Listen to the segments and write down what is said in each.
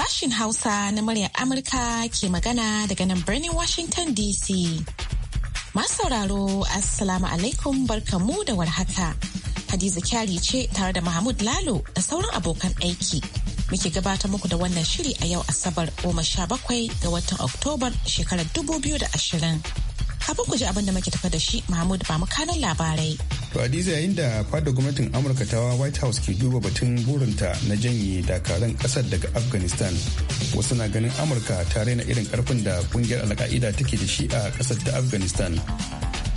Sashin Hausa na muryar Amurka ke magana daga nan birnin Washington DC. Masu sauraro, Assalamu alaikum barkamu da warhaka. Hadiza Kyari ce tare da Mahmud Lalo da sauran abokan aiki. Muke gabata muku da wannan shiri a yau Asabar goma sha bakwai ga watan Oktobar shekarar dubu biyu da ashirin. Kafin ku ji abin da muke tafa da shi Mahmud ba makanan labarai. To yayin da fadar gwamnatin Amurka ta White House ke duba batun burinta na janye dakaran kasar daga Afghanistan. Wasu na ganin Amurka ta raina irin karfin da kungiyar alka'ida take da shi a kasar ta Afghanistan.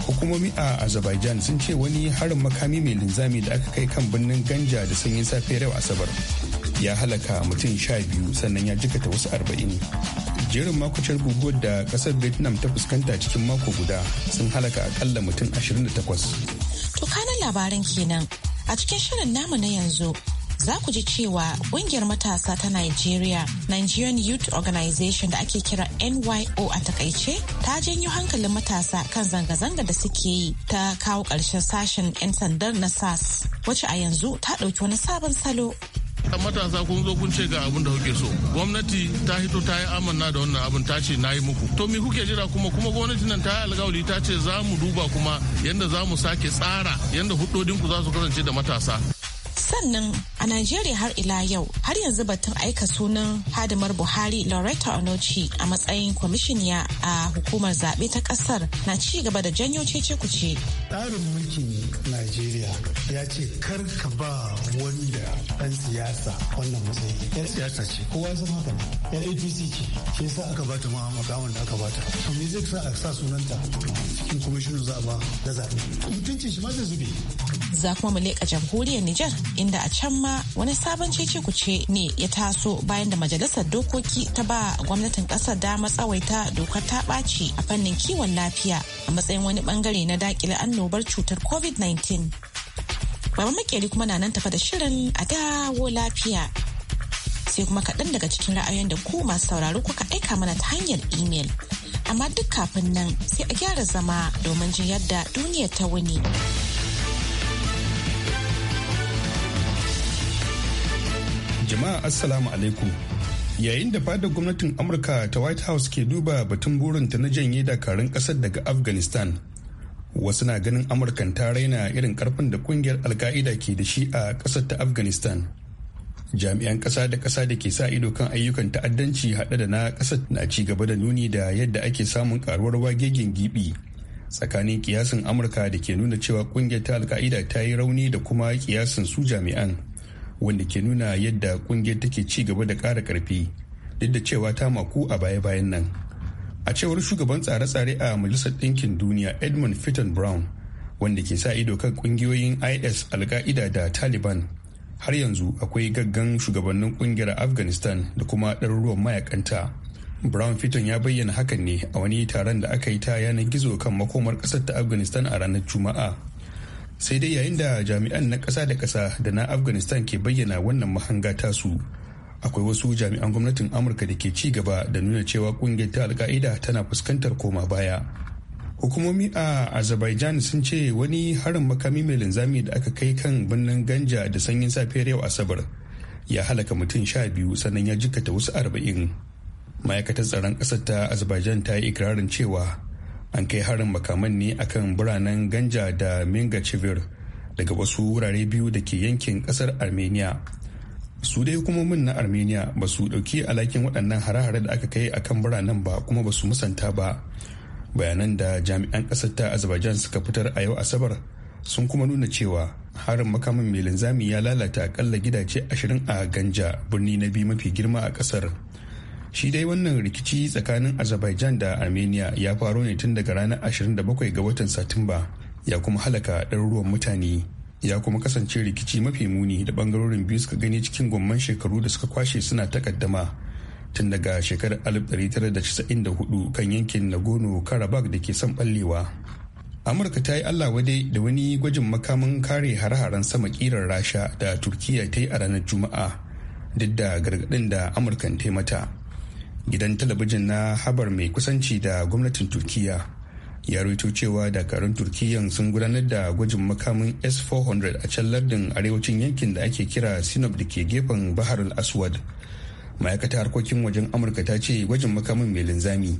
Hukumomi a Azerbaijan sun ce wani harin makami mai linzami da aka kai kan birnin Ganja da sanyin safiyar yau Asabar. Ya halaka mutum sha biyu sannan ya jikata wasu arba'in. jerin makucin guguwar da kasar vietnam ta fuskanta cikin mako guda sun halaka akalla mutum 28 to kanan labaran kenan a cikin shirin namu na yanzu za ku ji cewa kungiyar matasa ta Nigeria, Nigerian Youth Organization da ake kira NYO a takaice, ta janyo hankalin matasa kan zanga-zanga da suke yi ta kawo ƙarshen sashen 'yan sandar na SAS, wacce a yanzu ta ɗauki wani sabon salo matasa kun zo kun ce ga abin da kuke so gwamnati ta hito ta yi amanna da wannan abin ta ce na yi muku to me kuke jira kuma kuma gwamnati nan ta yi alkawari ta ce za mu duba kuma yadda za mu sake tsara yadda hudodinku za su kasance da matasa sannan a najeriya har ila yau har yanzu batun aika sunan hadimar buhari loretta onochi a matsayin kwamishiniya a hukumar zaɓe ta ƙasar na ci gaba da janyo cece kuce tsarin mulkin najeriya ya ce kar ka ba wanda ɗan siyasa wannan matsayi yan siyasa ce kowa ya zama haka ya apc ce shi sa aka bata ma makawan da aka bata to me zai sa a sa sunanta cikin kwamishinan zaɓa da zaɓe mutuncin shi ma zai zube za kuma mu leƙa jamhuriyar Nijar inda a can ma wani sabon cece kuce ne ya taso bayan da majalisar dokoki ta ba gwamnatin ƙasar dama tsawaita dokar ta ɓaci a fannin kiwon lafiya a matsayin wani bangare na daƙile annobar cutar COVID-19. Baba makeri kuma na nan tafa da shirin a dawo lafiya. Sai kuma kaɗan daga cikin ra'ayoyin da ku masu sauraro kuka aika mana ta hanyar imel. amma duk kafin nan sai a gyara zama domin jin yadda duniya ta wuni. Jama'a Assalamu alaikum. Yayin da fadar gwamnatin Amurka ta White House ke duba batun burinta na janye dakarun kasar daga Afghanistan. Wasu na ganin Amurkan ta raina irin karfin da kungiyar Alka'ida ke da shi a kasar ta Afghanistan. Jami'an kasa da kasa da ke sa ido kan ayyukan ta'addanci haɗe da na ƙasar na ci gaba da nuni da yadda ake samun karuwar wagegen gibi. tsakanin kiyasin amurka da ke nuna cewa kungiyar ta alka'ida ta yi rauni da kuma kiyasin su jami'an wanda ke nuna yadda kungiyar take ci gaba da ƙara ƙarfi duk da cewa ta maku a baya-bayan nan a cewar shugaban tsare-tsare a majalisar ɗinkin duniya edmund fitton brown wanda ke sa ido kan ƙungiyoyin is alka'ida da taliban har yanzu akwai gaggan shugabannin kungiyar afghanistan da kuma ɗaruruwan mayakanta brown fitton ya bayyana hakan ne a wani taron da aka yi ta yanar gizo kan makomar ƙasar ta afghanistan a ranar juma'a sai dai yayin da jami'an na ƙasa da ƙasa da na afghanistan ke bayyana wannan mahanga tasu akwai wasu jami'an gwamnatin amurka da ke ci gaba da nuna cewa ƙungiyar ta alka'ida tana fuskantar koma baya hukumomi a azerbaijan sun ce wani harin makami mai linzami da aka kai kan birnin ganja da sanyin safiyar yau asabar ya halaka mutum sha biyu sannan ya jikata wasu arba'in ma'aikatar tsaron ƙasar ta azerbaijan ta yi ikirarin cewa an kai harin makaman ne akan biranen ganja da minga civir daga wasu wurare biyu da ke yankin kasar armenia su dai hukumomin na armenia ba su dauki alakin waɗannan hare-hare da aka kai akan biranen ba kuma ba su musanta ba bayanan da jami'an ƙasar ta azerbaijan suka fitar a yau asabar sun kuma nuna cewa harin makamin mai linzami ya lalata akalla gidaje ashirin a ganja birni na biyu mafi girma a ƙasar shi dai wannan rikici tsakanin azerbaijan da armenia ya faru ne tun daga ranar 27 ga watan satumba ya kuma halaka ɗaruruwan mutane ya kuma kasance rikici mafi muni da bangarorin biyu suka gani cikin gwamman shekaru da suka kwashe suna takaddama tun daga shekarar 1994 kan yankin nagorno karabakh da ke son ɓallewa amurka ta yi allah wadai da wani gwajin makamin kare har-haren sama kirar rasha da turkiya ta yi a ranar juma'a duk da gargaɗin da amurkan ta mata gidan talabijin na habar mai kusanci da gwamnatin turkiya ya rito cewa dakarun turkiyyan sun gudanar da gwajin makamin s-400 a can lardin arewacin yankin da ake kira sinop da ke gefen bahar aswad ma'aikata harkokin wajen amurka ta ce gwajin makamin mai linzami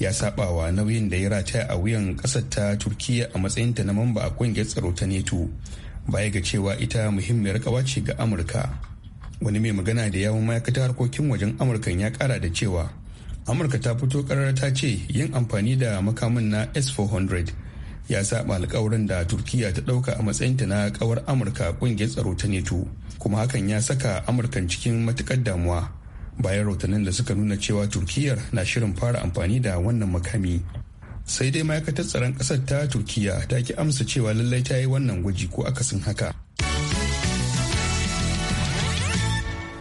ya sabawa nauyin da ya rataya a wuyan kasar ta turkiya a matsayinta na mamba a kungiyar tsaro ta neto baya ga cewa ita muhimmiyar kawace ga amurka wani mai magana da yawon ma'aikatar harkokin wajen amurka ya kara da cewa amurka ta fito karar ta ce yin amfani da makamin na s-400 ya saba alkawarin da turkiya ta dauka a matsayinta na kawar amurka kungiyar tsaro ta neto kuma hakan ya saka amurkan cikin matukar damuwa bayan rahotannin da suka nuna cewa turkiyar na shirin fara amfani da wannan makami sai dai ma'aikatar tsaron ƙasar ta turkiya ta ki amsa cewa lallai ta yi wannan gwaji ko akasin haka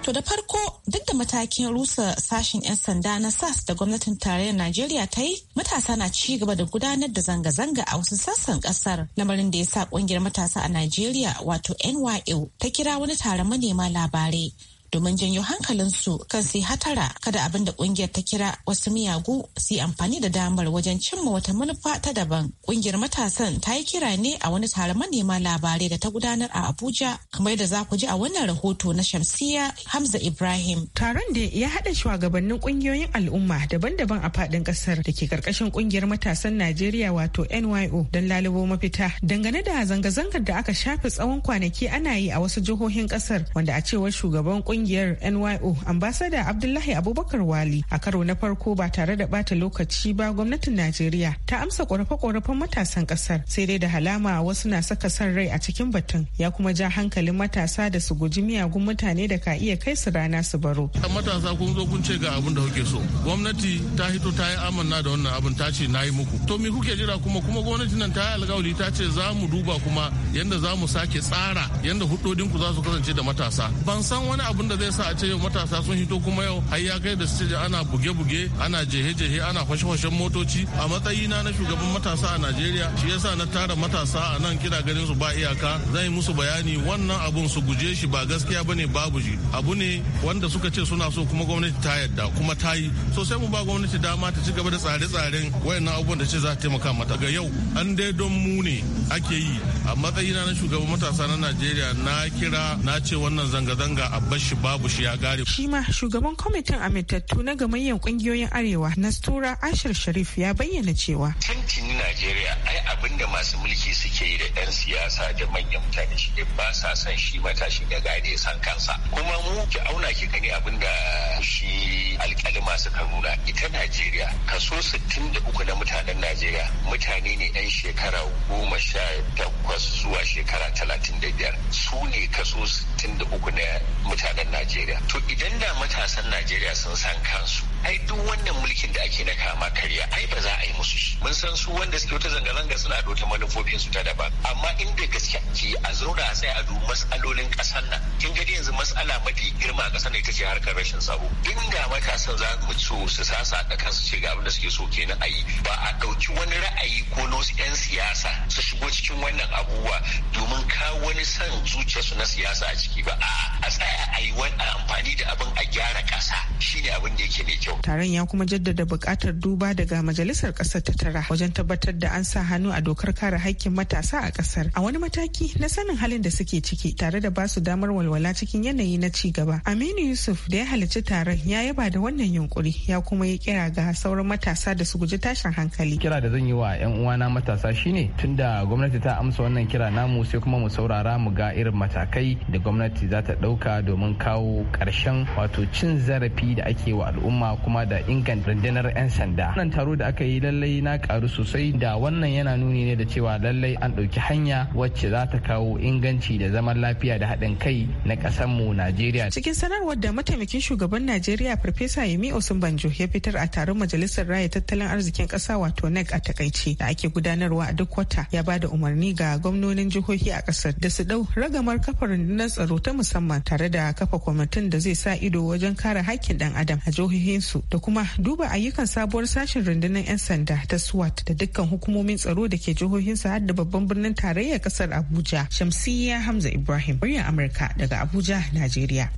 To da farko duk da matakin rusa sashen 'yan sanda na SAS da gwamnatin tarayyar Najeriya ta yi matasa na ci gaba da gudanar da zanga-zanga a wasu sassan kasar lamarin da ya sa kungiyar matasa a Najeriya wato NYL ta kira wani taron manema labarai domin janyo hankalinsu kan su hatara kada abin da kungiyar ta kira wasu miyagu su amfani da damar wajen cimma wata manufa ta daban. Kungiyar matasan ta yi kira ne a wani taron manema labarai da ta gudanar a Abuja kamar da za ku ji a wannan rahoto na shamsiyya Hamza Ibrahim. Taron da ya haɗa shugabannin kungiyoyin al'umma daban-daban a faɗin ƙasar da ke ƙarƙashin kungiyar matasan Najeriya wato NYO don lalubo mafita dangane da zanga-zangar da aka shafe tsawon kwanaki ana yi a wasu jihohin ƙasar wanda a cewar shugaban kungiyar NYO ambasada Abdullahi Abubakar Wali a karo na farko ba tare da bata lokaci ba gwamnatin Najeriya ta amsa korafe-korafen matasan kasar sai dai da halama wasu na saka san rai a cikin batun ya kuma ja hankalin matasa da su guji miyagun mutane da ka iya kai su rana su baro. Matasa kun zo kun ce ga abin da kuke so. Gwamnati ta hito ta yi amanna da wannan abin ta ce na yi muku. To me kuke jira kuma kuma gwamnati nan ta yi alkawari ta ce za mu duba kuma yadda za mu sake tsara yadda hudodinku za su kasance da matasa. Ban san wani abin wanda zai sa a ce matasa sun hito kuma yau har ya kai da su ce ana buge-buge ana jehe-jehe ana fashe-fashen motoci a matsayina na shugaban matasa a najeriya shi yasa na tara matasa a nan kira ganin su ba iyaka zan yi musu bayani wannan abun su guje shi ba gaskiya bane babu shi abu ne wanda suka ce suna so kuma gwamnati ta yadda kuma ta yi so sai mu ba gwamnati dama ta ci gaba da tsare-tsaren wayannan abubuwan da ce za ta taimaka mata ga yau an dai don mu ne ake yi a matsayina na shugaban matasa na najeriya na kira na ce wannan zanga-zanga a bashi babu shi ya gare. Shi ma shugaban kwamitin amintattu na gamayyar kungiyoyin Arewa Stura Ashir Sharif ya bayyana cewa. Tintini Najeriya ai abinda masu mulki suke yi da 'yan siyasa da manyan mutane shi ne ba sa son shi matashi ya gane san kansa. Kuma mu ki auna ki gani abinda da shi alƙalima suka nuna ita Najeriya kaso 63 na mutanen Najeriya mutane ne 'yan shekara goma sha takwas zuwa shekara talatin da biyar su ne kaso 63 na mutanen matasan Najeriya. To idan da matasan Najeriya sun san kansu ai duk wannan mulkin da ake na kama karya ai ba za a yi musu shi mun san su wanda suke wata zanga-zanga suna da wata manufofin su ta daban amma inda gaskiya ke a zauna a tsaya a dubi matsalolin ƙasar nan kin gani yanzu matsala mafi girma a ƙasar nan ita ce harkar rashin tsaro ga matasan za mu so su sasa da kansu ce ga abin da suke so kenan a yi ba a ɗauki wani ra'ayi ko na wasu 'yan siyasa su shigo cikin wannan abubuwa domin kawo wani san zuciyarsu na siyasa a ciki ba a tsaya a yi wani amfani da abin a gyara ƙasa shine abin da yake mai kyau taron ya kuma jaddada buƙatar duba daga majalisar ƙasar ta tara wajen tabbatar da an sa hannu a dokar kare haƙƙin matasa a ƙasar a wani mataki na sanin halin da suke ciki tare da basu damar walwala cikin yanayi na ci gaba aminu yusuf da ya halarci taron ya yaba da wannan yunkuri ya kuma ya kira ga sauran matasa da su guji tashin hankali kira da zan yi wa 'yan uwana matasa shine tunda gwamnati ta amsa wannan kira namu sai kuma mu saurara mu ga irin matakai da gwamnati za ta ɗauka domin kawo ƙarshen wato cin zarafi da ake wa al'umma kuma da inganta rundunar 'yan sanda wannan taro da aka yi lallai na karu sosai da wannan yana nuni ne da cewa lallai an ɗauki hanya wacce za ta kawo inganci da zaman lafiya da haɗin kai na ƙasar mu najeriya cikin sanarwar da mataimakin shugaban najeriya farfesa yemi osunbanjo ya fitar a taron majalisar raya tattalin arzikin ƙasa wato nec a takaice da ake gudanarwa a duk wata ya ba da umarni ga gwamnonin jihohi a ƙasar da su ɗau ragamar kafa rundunar tsaro ta musamman tare da kafa kwamitin da zai sa ido wajen kare haƙƙin ɗan adam a jihohin su da kuma duba ayyukan sabuwar sashen rundunar 'yan sanda ta SWAT da dukkan hukumomin tsaro da ke jihohin sa da babban birnin tarayyar kasar Abuja. Shamsiyya Hamza Ibrahim, muryar Amurka daga Abuja, Najeriya.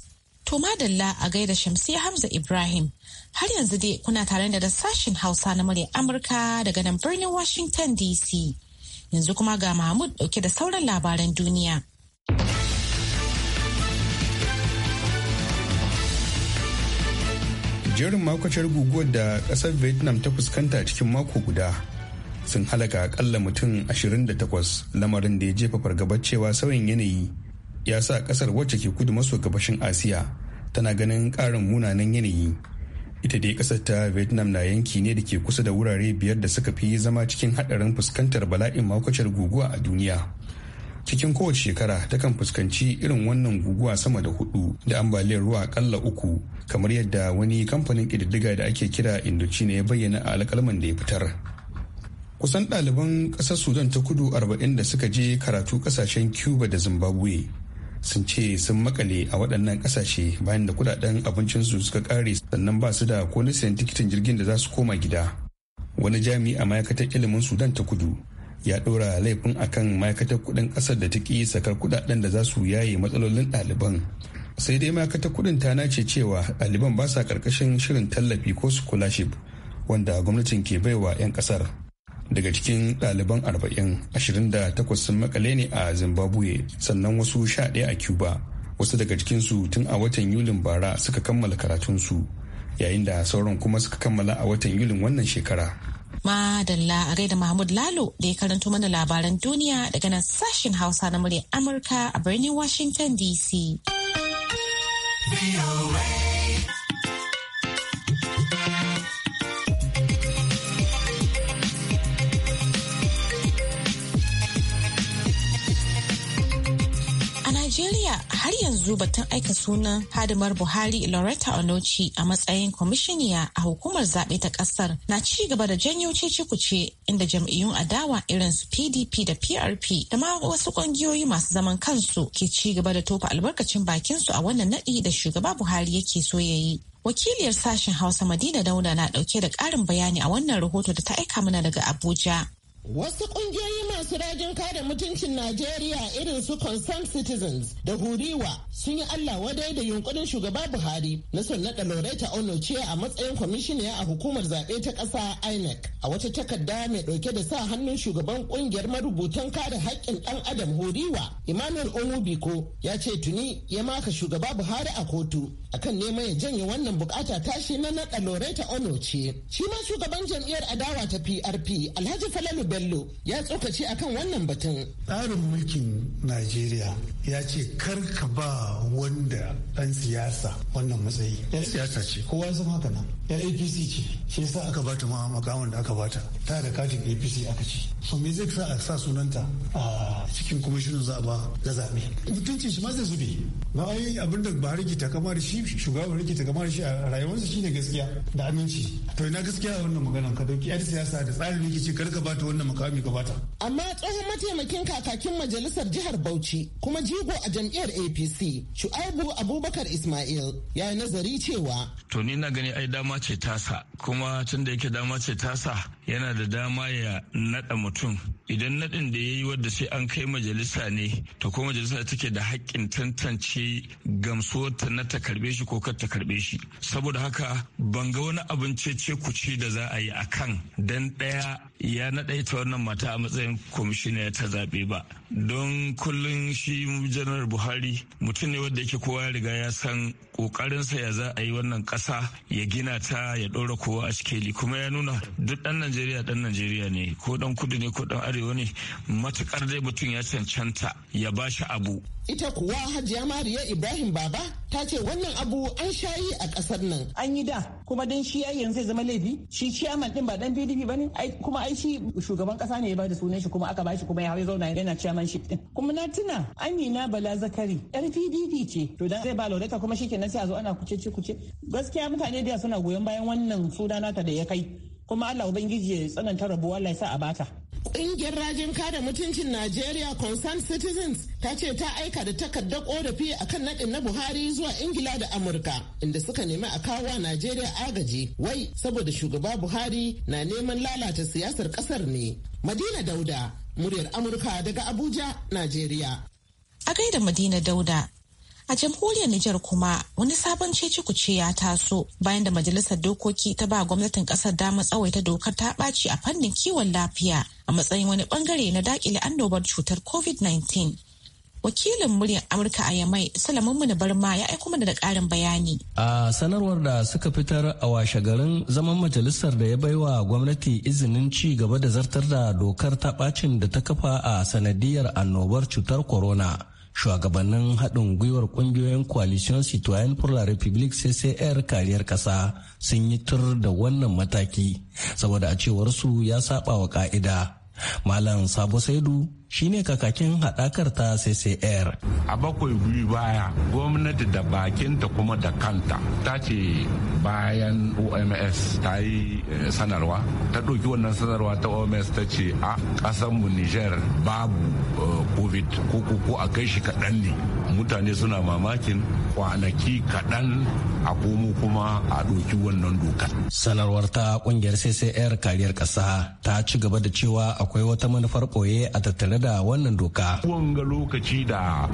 To madalla a gaida Shamsiyya Hamza Ibrahim. Har yanzu dai kuna tare da sashen Hausa na muryar Amurka daga nan birnin Washington DC. Yanzu kuma ga Mahmud dauke da sauran labaran duniya. jerin makwacar guguwar da kasar vietnam ta fuskanta cikin mako guda sun halaka akalla mutum 28 lamarin da ya jefa fargabar cewa sauyin yanayi ya sa kasar wacce ke kudu maso gabashin asiya tana ganin karin munanan yanayi ita dai kasar ta vietnam na yanki ne da ke kusa da wurare biyar da suka fi zama cikin hadarin fuskantar bala'in makwacar guguwa a duniya cikin kowace shekara takan fuskanci irin wannan guguwa sama da hudu da ambaliyar ruwa akalla uku kamar yadda wani kamfanin ƙididdiga da ake kira indochina ya bayyana a alƙalman da ya fitar kusan ɗaliban ƙasar sudan ta kudu arba'in da suka je karatu ƙasashen cuba da zimbabwe sun ce sun makale a waɗannan ƙasashe bayan da kudaden abincinsu suka ƙare sannan ba su da ko nisan tikitin jirgin da za su koma gida wani jami'i a ma'aikatar ilimin sudan ta kudu ya ɗora laifin akan ma'aikatar kuɗin ƙasar da ta ƙi sakar kuɗaɗen da za su yaye matsalolin ɗaliban sai dai ma'aikatar kuɗin ta nace cewa ɗaliban ba sa ƙarƙashin shirin tallafi ko scholarship wanda gwamnatin ke baiwa 'yan ƙasar daga cikin ɗaliban arba'in ashirin da takwas sun makale ne a zimbabwe sannan wasu sha ɗaya a cuba wasu daga cikinsu tun a watan yulin bara suka kammala karatunsu yayin da sauran kuma suka kammala a watan yulin wannan shekara Madalla a gaida Mahmud Lalo da ya karanto mana labaran duniya daga nan sashen Hausa na muryar Amurka a birnin Washington DC. Najeriya har yanzu batun aika sunan hadimar Buhari Loretta Onochi a matsayin kwamishiniya a hukumar zaɓe ta ƙasar na ci gaba da janyo cece-kuce inda jam'iyyun adawa irin su PDP da PRP da ma wasu ƙungiyoyi masu zaman kansu ke ci gaba da tofa albarkacin bakinsu a wannan naɗi da shugaba Buhari yake so ya yi. Wakiliyar sashen Hausa Madina Dauda na ɗauke da ƙarin bayani a wannan rahoto da ta aika mana daga Abuja. Wasu ƙungiyoyi masu rajin kare mutuncin Najeriya irin su Concerned Citizens da Huriwa sun yi Allah wadai da yunkurin shugaba Buhari na son naɗa Loretta Onochia a matsayin kwamishiniya a hukumar zaɓe ta ƙasa INEC a wata takarda mai ɗauke da sa hannun shugaban ƙungiyar marubutan kare haƙƙin ɗan adam Huriwa Emmanuel ko ya ce tuni ya maka shugaba Buhari a kotu akan neman ya janye wannan bukata tashi na naɗa Loretta Onochie. Shi ma shugaban jam'iyyar adawa ta PRP Alhaji Falalu Bello ya tsokaci akan wannan batun. Tsarin mulkin Najeriya ya ce kar ka ba wanda ɗan siyasa wannan matsayi. Ya siyasa ce, kowa zama haka nan. Yan APC ce, shi yasa aka bata ma makawan da aka bata. Ta da katin APC aka ce. So me zai sa a sa sunanta a cikin kwamishinan za a ba da zaɓe. Mutuncin shi ma zai zube. Na ai abin da ba rikita kama da shi shugaban rikita kama da shi a rayuwarsa ne gaskiya da aminci. To ina gaskiya wannan maganan ka dauki ya siyasa da tsarin rikici kar ka bata wannan makami ka bata. Amma amma tsohon mataimakin kakakin majalisar jihar Bauchi kuma jigo a jam'iyyar APC Shu'aibu Abubakar Ismail ya yi nazari cewa to ni na gani ai dama ce tasa kuma tun da yake dama ce tasa yana da dama ya naɗa mutum idan naɗin da ya yi wadda sai an kai majalisa ne ta ko majalisa take da haƙƙin tantance gamsuwar ta na ta karɓe shi ko kar ta karɓe shi saboda haka ban ga wani abin cece kuci da za a yi a kan dan ɗaya ya naɗa ita wannan mata a matsayin kwamishina ta zaɓe ba don kullum shi janar buhari mutum ne wanda yake kowa ya riga ya san ƙoƙarinsa ya za a yi wannan ƙasa ya gina ta ya ɗora kowa a cikeli kuma ya nuna duk ɗan najeriya dan najeriya ne ko dan kudu ne ko dan arewa ne matukar dai mutum ya cancanta ya ba shi abu ita kuwa hajiya mariya ibrahim baba ta ce wannan abu an shayi a kasar nan an yi da kuma dan shi ai yanzu zai zama laifi shi ciyaman ɗin ba dan pdp bane ai kuma ai shi shugaban kasa ne ya da sunan shi kuma aka ba shi kuma ya zauna yana ciyaman shi din kuma na tuna amina bala zakari yar pdp ce to dan zai ba laureta kuma shi shikenan sai a zo ana kuce kuce gaskiya mutane da suna goyon bayan wannan sunanata da ya kai kuma Allah Ubangiji ya tsananta rabuwa Allah a bata. Ƙungiyar rajin kare mutuncin Najeriya Concerned Citizens ta ce ta aika da takardar ƙorafi a kan naɗin na Buhari zuwa Ingila da Amurka inda suka nemi a kawo Najeriya agaji wai saboda shugaba Buhari na neman lalata siyasar ƙasar ne. Madina Dauda, muryar Amurka daga Abuja, Najeriya. A gaida Madina Dauda, A jamhuriyar Nijar kuma wani sabon cece-kuce ya taso bayan da majalisar dokoki ta ba gwamnatin kasar damar tsawaita dokar ta ɓaci a fannin kiwon lafiya a matsayin wani bangare na dakile annobar cutar COVID-19. wakilin muryar amurka a yamai salamun barma ya aiko mana da karin bayani a sanarwar da suka fitar a washe garin zaman majalisar da ya baiwa gwamnati izinin ci gaba da zartar da dokar ta bacin da ta kafa a sanadiyar annobar cutar corona shugabannin haɗin gwiwar ƙungiyoyin coalition citoyen pour la republique ccr kariyar ƙasa sun yi tur da wannan mataki saboda a cewar su ya saba wa ƙa'ida malam sabo saidu shine kakakin haɗakar ta ccr a bakwai biyu baya gwamnati da bakinta kuma da kanta ta ce bayan oms ta yi eh, sanarwa ta ɗauki wannan sanarwa ta oms ta ce a mu niger babu eh, covid ko ko a kai shi kaɗan ne mutane suna mamakin kwanaki kaɗan a komo kuma a ɗauki wannan dokar sanarwar ta ƙungiyar ccr kariyar ƙasa ta ci gaba da cewa akwai wata manufar ɓoye a tattalin da wannan doka. Wanga lokaci da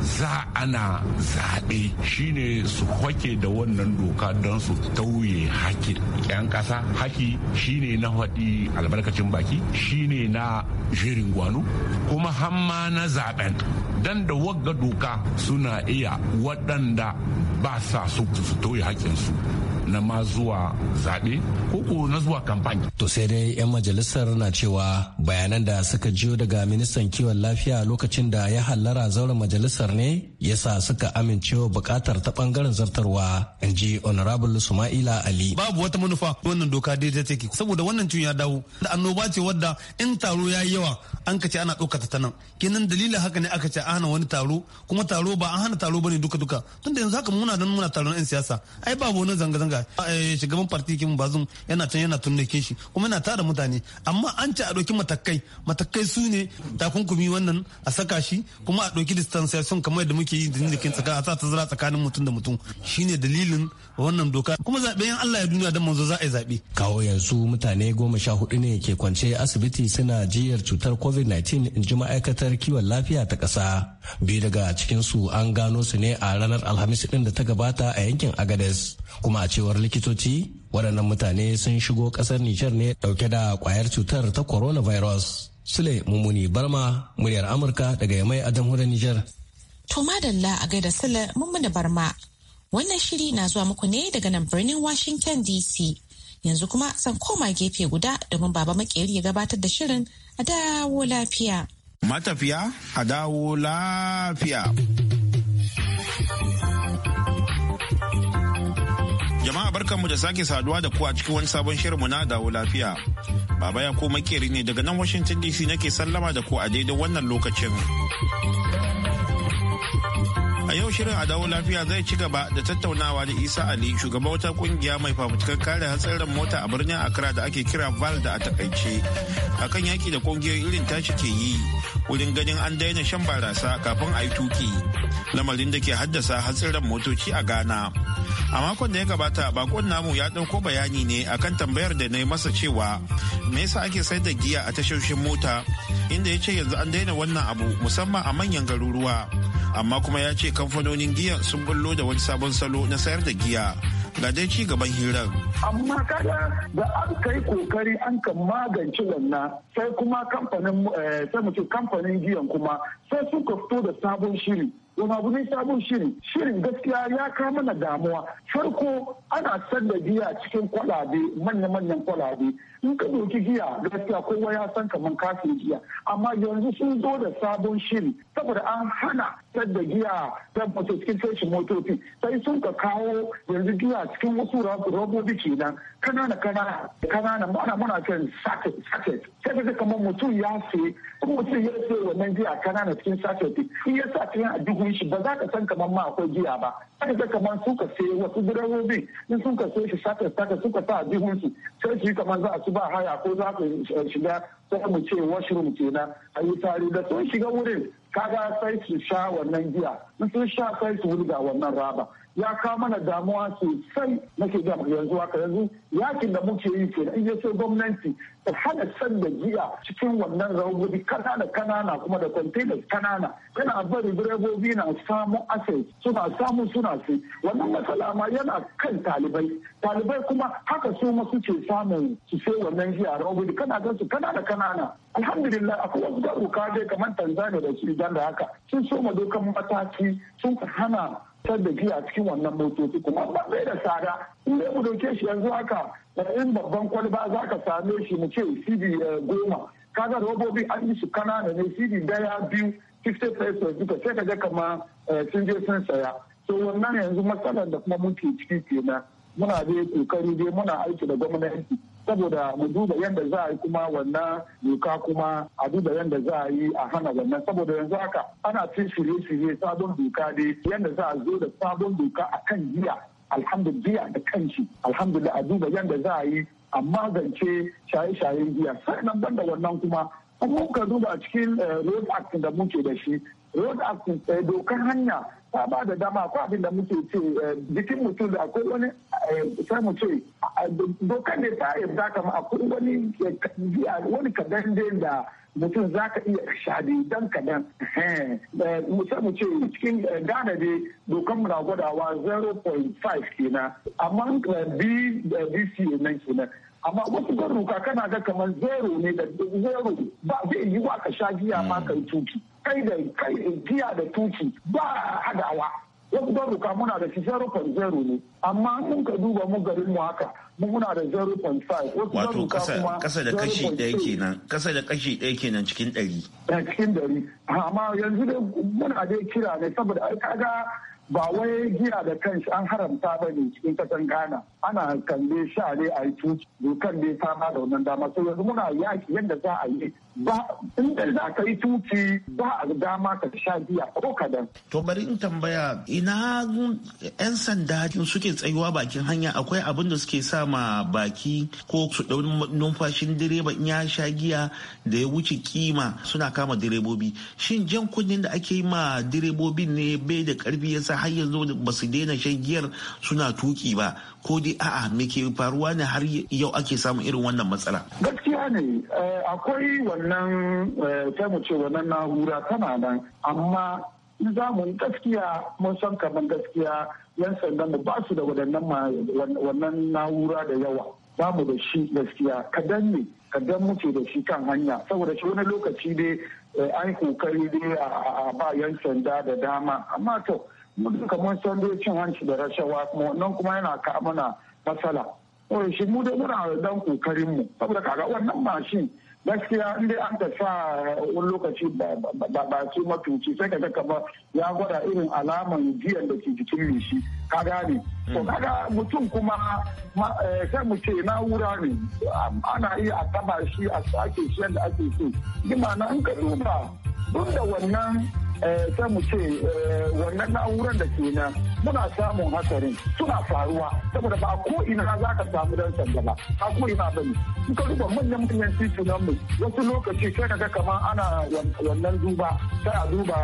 za ana zaɓe shine su hake da wannan doka don su tauye haki 'yan ƙasa haki shine na haɗi albarkacin baki shine na shirin gwanu kuma hamma na zaɓen don da wagga doka suna iya waɗanda ba sa su tauye haƙƙinsu na ma zuwa zaɓe ko ko na zuwa kamfani. To sai dai 'yan majalisar na cewa bayanan da suka jiyo daga ministan kiwon lafiya lokacin da ya hallara zauren majalisar ne ya sa suka amincewa bukatar ta bangaren zartarwa in ji honorable Sumaila Ali. Babu wata manufa wannan doka daidai take saboda wannan tun ya dawo da annoba ce wadda in taro ya yi yawa an ka ce ana ɗaukata ta nan kenan dalilin haka ne aka ce a hana wani taro kuma taro ba an hana taro bane duka duka tunda yanzu haka muna don muna taron 'yan siyasa ai babu wani zanga-zanga baya eh, shugaban parti kin bazum yana can yana tunnuke shi kuma yana tara mutane amma an ce a ɗauki matakai matakai su ne takunkumi wannan a saka shi kuma a ɗauki distanciation kamar yadda muke yi da ni tsaka a sa tazara tsakanin mutum da mutum shine dalilin wannan doka kuma zaɓe yan Allah ya duniya dan manzo za a yi zaɓe. Kawo yanzu mutane goma sha hudu ne ke kwance asibiti suna jiyar cutar COVID-19 in ji ma'aikatar kiwon lafiya ta ƙasa. Biyu daga cikinsu an gano su ne a ranar Alhamis din da ta gabata a yankin Agades. kuma a cewar likitoci waɗannan mutane sun shigo ƙasar Nijar ne ɗauke da ƙwayar cutar ta coronavirus. Sule Mummuni Barma, muryar Amurka daga Yamai a jamhuriyar Nijar. To madalla a gaida Sule Mummuni Barma. Wannan shiri na zuwa muku ne daga nan birnin Washington DC. Yanzu kuma san koma gefe guda domin baba makeri ya gabatar da shirin a dawo lafiya. Matafiya a dawo lafiya. mu da sake saduwa da ku a cikin wani sabon shirinmu na dawo lafiya. Baba ya ko makeri ne daga nan Washington DC nake sallama da ku a daidai wannan lokacin. A yau shirin a dawo lafiya zai ci gaba da tattaunawa da Isa Ali shugaban wata kungiya mai fafutukar kare hatsarin mota a birnin Accra da ake kira Valda da a takaice. Akan yaki da kungiyoyi irin tashi ke yi wurin ganin an daina shan barasa kafin a yi tuki lamarin da ke haddasa hatsiran motoci a ghana a makon da ya gabata bakon namu ya ɗauko bayani ne akan tambayar da na yi masa cewa me yasa ake sayar da giya a tashoshin mota inda ya ce yanzu an daina wannan abu musamman a manyan garuruwa amma kuma ya ce kamfanonin giya sun bullo da wani sabon salo na sayar da giya ga dai ci gaban hirar. Amma kada da an kai kokari an kan magance wannan sai kuma kamfanin eh, sai mutum kamfanin giyan kuma sai suka fito da sabon shiri abu ne sabon shirin, shirin gaskiya ya kama mana damuwa. Farko ana da giya cikin kwalabe, manya-manyan kwalabe. In ka doki giya gaskiya kowa ya san kamar kafin giya. Amma yanzu sun zo da sabon shiri, saboda an hana sanda giya don mace cikin motoci. Sai sun ka kawo yanzu giya cikin wasu robobi kenan. Kanana kanana, kanana mana mana kan saket, saket. Sai ka kamar mutum ya sai, kuma mutum ya sai wannan giya kanana cikin saket. Shi ya sa cikin a abin shi ba za ka san kamar ma akwai giya ba haka ga kamar suka sai wasu direbobi in sun ka sai shi saka saka suka sa bihun su sai shi kamar za a su ba haya ko za ka shiga sai mu ce washroom kenan a yi tare da sun shiga wurin kaga sai su sha wannan giya in sun sha sai su wurga wannan raba ya kawo mana damuwa sosai nake ga yanzu haka yanzu yakin da muke yi ke in ya so gwamnati ta hana san da giya cikin wannan rahobobi kanana kanana kuma da containers kanana yana bari direbobi na samu asai suna samu suna sai wannan matsala ma yana kan talibai talibai kuma haka su ma suke samun su sai wannan giya rahobobi kana gan su kanana kanana alhamdulillah akwai wasu garuka dai kamar tanzania da su da haka sun soma dokan mataki sun hana fitar da a cikin wannan motoci kuma ba zai da tsada in dai mu dauke shi yanzu haka in babban kwalba za ka same shi mu ce cd eh, goma kaga robobi an yi su kanana ne cd daya biyu 50 pesos duka sai ka ga kama eh, sun je sun saya to wannan yanzu matsalar da kuma muke ciki kenan muna dai kokari dai muna aiki da gwamnati saboda mu duba yadda za a yi kuma wannan doka kuma a duba yadda za a yi a hana wannan saboda yanzu haka ana cin shirye-shirye sabon doka dai yadda za a zo da sabon doka a kan giya alhamdulillah da kanshi alhamdulillah a duba yadda za a yi a magance shaye-shayen giya sannan banda wannan kuma kuma ka duba a cikin eh, road act da muke da shi road eh, dokar hanya ta ba da dama ko abin da muke ce eh, jikin mutum da akwai wani eh, sai mu ce dokar ne ta zaka kama akwai wani wani kadan da mutum zaka iya shaɗi dan kadan sai mu ce cikin gane dai dokar mu na gwadawa 0.5 kenan amma bdc nan kenan amma wasu garuka kana ga kamar zero ne da zero ba zai yi wa ka sha giya ma kai tuki kai da kai giya da tuki ba hadawa wasu baruka muna da shi 0.0 ne amma mun ka duba mu garin mu haka muna da 0.5 wato kasa da kashi ɗaya kenan kasa da kashi ɗaya kenan cikin ɗari cikin ɗari amma yanzu dai muna dai kira ne saboda ai kaga ba wai giya da kanshi an haramta ba ne cikin kasan Ghana ana kalle sha ne a yi tuci dokan ne ta ba da wannan dama so yanzu muna yaki yadda za a yi ba inda za ka yi tuki ba a dama ka sha biya ko kadan. To bari in tambaya ina 'yan sanda suke tsayuwa bakin hanya akwai abin da suke sa ma baki ko su ɗau numfashin direba in ya sha giya da ya wuce kima suna kama direbobi. Shin jan kunnen da ake yi ma direbobin ne bai da karfi ya sa har yanzu ba su daina shan giyar suna tuki ba ko dai a'a me ke faruwa ne har yau ake samun irin wannan matsala. Gaskiya ne eh, akwai wannan ta eh, mu wannan na'ura tana nan amma in za mu gaskiya mun san kamar gaskiya yan sandan mu ba su da wannan na'ura da yawa ba mu da shi gaskiya kadan ne kadan muke da shi kan hanya saboda shi wani lokaci dai eh, an kokari dai a ba yan sanda da dama amma to mun kamar san dai cin hanci da rashawa kuma wannan kuma yana kawo mana matsala Oye shi mu dai muna dan kokarin mu saboda kaga wannan mashin gaskiya in dai an ka sa wani lokaci ba su matuci sai ka ga ba ya gwada irin alaman jiyan da ke jikin shi ka gane to hmm. kaga mutum kuma eh, sai mu ce na'ura ne ana iya a taba shi a sake shi yadda ake so bi na in ka duba duk da wannan Eh, sai mu ce eh, wannan na'urar da ke nan muna samun hatsarin suna faruwa saboda ba ko ina za ka samu dan sanda ba a ko ina ba ne ka duba manyan manyan titunan mu wasu lokaci sai ga kamar ana wannan duba sai a duba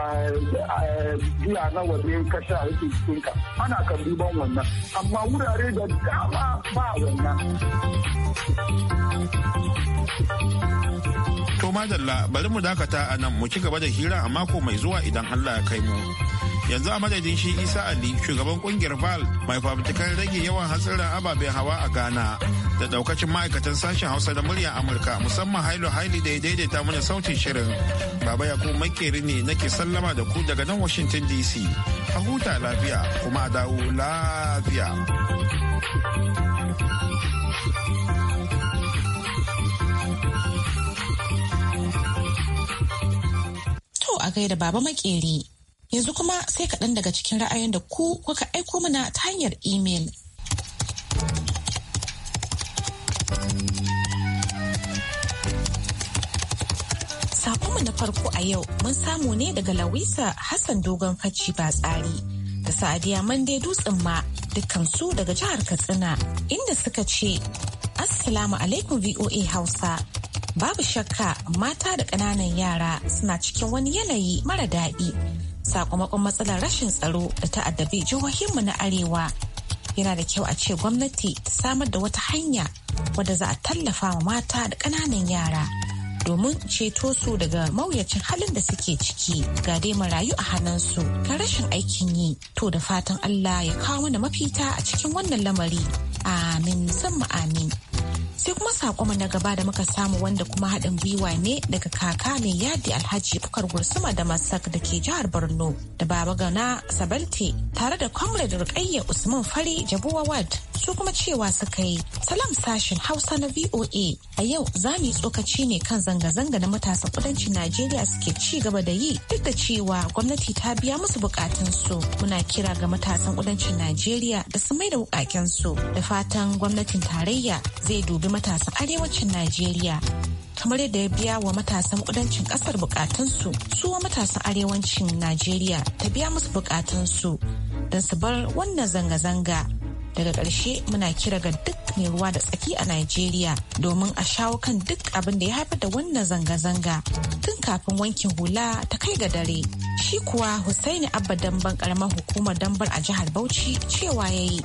eh, jiya na waje ka sha yake cikin ka ana kan duban wannan amma wurare da dama ba wannan. madalla bari mu dakata a nan mu ci gaba da hira a mako mai zuwa idan Allah ya kai mu. Yanzu a madadin shi Isa Ali shugaban kungiyar VAL mai fafutukan rage yawan hatsarin ababen hawa a Ghana da daukacin ma'aikatan sashen Hausa da muryar Amurka musamman Hailo Haili da ya daidaita mana sautin shirin. Baba Yakubu Makeri ne nake sallama da ku daga nan Washington DC. A huta lafiya kuma a dawo lafiya. da baba makeri. Yanzu kuma sai kaɗan daga cikin ra'ayin da ku kuka aiko mana ta hanyar imel. Sakonmu na farko a yau mun samu ne daga Lawisa Hassan Dogon Facci ba tsari da Sa'adiya Mande Dutsen ma dukkan su daga jihar Katsina inda suka ce Assalamu alaikum VOA Hausa Babu shakka mata da ƙananan yara suna cikin wani yanayi mara daɗi sakamakon matsalar rashin tsaro da ta'addabi jihohinmu na arewa. Yana da kyau a ce gwamnati ta samar da wata hanya wadda za a tallafa wa mata da ƙananan yara domin ceto su daga mawuyacin halin da suke ciki ga dai marayu a hannunsu kan rashin aikin yi to da fatan Allah ya kawo mana mafita a cikin wannan lamari. Amin, san amin. sai kuma sakonmu na gaba da muka samu wanda kuma haɗin gwiwa ne daga kaka mai yadi alhaji bukar gursuma da masak da ke jihar borno da baba gana sabalte tare da comrade rukayya usman fari jabuwa ward su kuma cewa suka yi salam sashen hausa na voa a yau za mu yi tsokaci ne kan zanga-zanga na matasan kudancin najeriya suke ci gaba da yi duk da cewa gwamnati ta biya musu su muna kira ga matasan kudancin najeriya da su mai da wukakensu da fatan gwamnatin tarayya zai dubi tanadi matasan arewacin Najeriya kamar yadda ya biya wa matasan kudancin kasar bukatunsu su wa matasan arewacin Najeriya ta biya musu bukatunsu don su bar wannan zanga-zanga. Daga ƙarshe muna kira ga duk mai ruwa da tsaki a Najeriya domin a shawo kan duk abin da ya haifar da wannan zanga-zanga tun kafin wankin hula ta kai ga dare. Shi kuwa Hussaini Abba Damban karamar hukumar Dambar a jihar Bauchi cewa ya yi.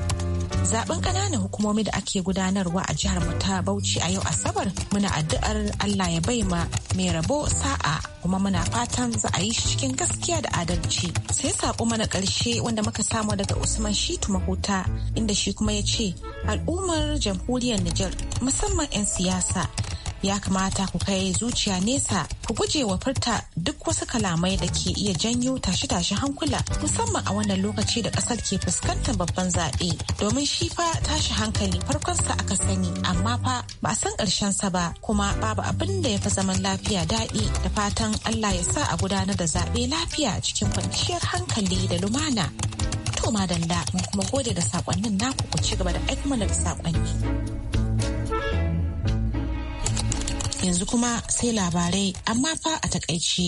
zaben kananan hukumomi da ake gudanarwa a jihar mu ta Bauchi a yau Asabar muna addu'ar Allah ya bai ma mai rabo sa'a kuma muna fatan za a yi shi cikin gaskiya da adalci. Sai sako mana ƙarshe wanda muka samu daga Usman Shitu Mahuta inda shi kuma ya ce al'ummar jamhuriyar Nijar musamman 'yan siyasa ya kamata ku kai zuciya nesa ku guje wa furta duk wasu kalamai da ke iya janyo tashe tashi hankula musamman a wannan lokaci da ƙasar ke fuskantar babban zaɓe domin shi fa tashi hankali farkonsa aka sani amma fa ba a san sa ba kuma babu abin da ya fi zaman lafiya daɗi da fatan Allah ya sa a gudanar da zaɓe lafiya cikin kwanciyar hankali da lumana. To madalla mun kuma gode da saƙonnin naku ku ci gaba da aiki da saƙonni. yanzu kuma sai labarai amma fa a takaice.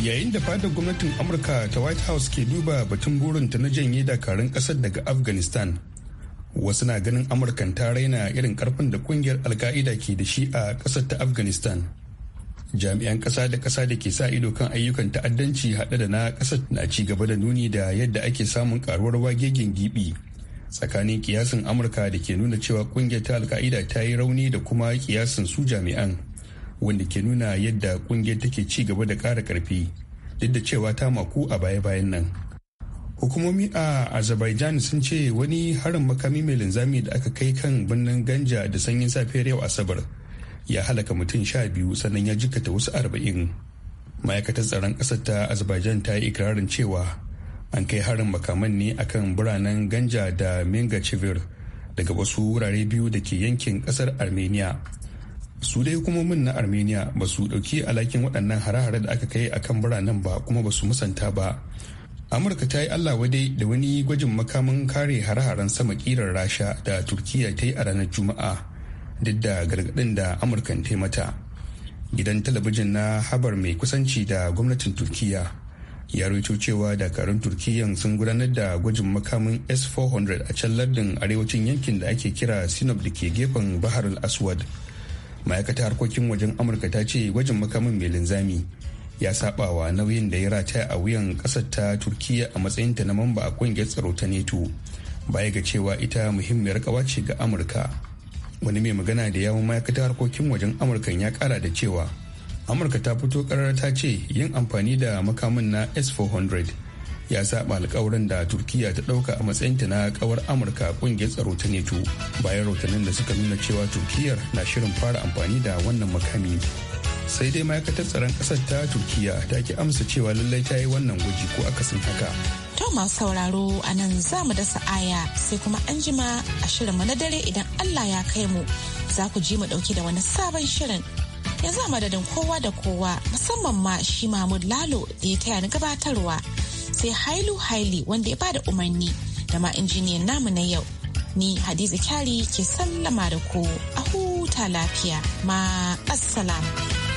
yayin da fadar gwamnatin amurka ta white house ke duba batun burinta na janye dakarun kasar daga afghanistan wasu na ganin amurkan ta raina irin karfin da kungiyar alka'ida ke da shi a kasar ta afghanistan jami'an kasa da kasa da ke sa ido kan ayyukan ta'addanci haɗe da na kasar na ci gaba da nuni da yadda ake samun karuwar wagegen giɓi. tsakanin kiyasin amurka da ke nuna cewa kungiyar ta alka'ida ta yi rauni da kuma kiyasin su jami'an wanda ke nuna yadda kungiyar take ci gaba da ƙara ƙarfi duk da cewa ta maku a baya-bayan nan hukumomi a azerbaijan sun ce wani harin makami mai linzami da aka kai kan birnin ganja da sanyin safiyar yau asabar ya halaka mutum sha biyu sannan ya jikkata wasu arba'in ma'aikatar tsaron ƙasar ta azerbaijan ta yi ikirarin cewa an kai harin makaman ne akan biranen ganja da chivir daga wasu wurare biyu da ke yankin kasar armenia su dai hukumomin na armenia ba su dauki alakin waɗannan hare-hare da aka kai akan biranen ba kuma ba su musanta ba amurka ta yi allah wadai da wani gwajin makamin kare hare-haren sama kirar rasha da turkiya ta yi a ranar juma'a duk da gargaɗin da amurkan ta mata gidan talabijin na habar mai kusanci da gwamnatin turkiya ya rubuto cewa dakarun turkiyyan sun gudanar da gwajin makamin s-400 a can lardin arewacin yankin da ake kira sinop da ke gefen bahar aswad ma'aikatar harkokin wajen amurka ta ce gwajin makamin mai linzami ya sabawa nauyin da ya rataya a wuyan kasar ta turkiyya a matsayinta na mamba a kungiyar tsaro ta neto baya ga cewa ita muhimmiyar kawa ce ga amurka wani mai magana da yawon ma'aikatar harkokin wajen amurkan ya kara da cewa amurka ta fito karar ta ce yin amfani da makamin na s-400 ya saba alkawarin da turkiya ta dauka a matsayinta na kawar amurka kungiyar tsaro ta neto bayan rahotannin da suka nuna cewa turkiyar na shirin fara amfani da wannan makami sai dai ma'aikatar tsaron kasar ta turkiya ta ki amsa cewa lallai ta yi wannan gwaji ko akasin haka to masu sauraro a nan za mu dasa aya sai kuma an jima a shirinmu na dare idan allah ya kai mu za ku ji mu dauki da wani sabon shirin yanzu a madadin kowa da kowa musamman ma shi mahmud lalo da ya taya ni gabatarwa sai hailu haili wanda ya bada umarni da ma injiniyan namu na yau ni hadiza kyari ke sallama da ku a huta lafiya ma assalamu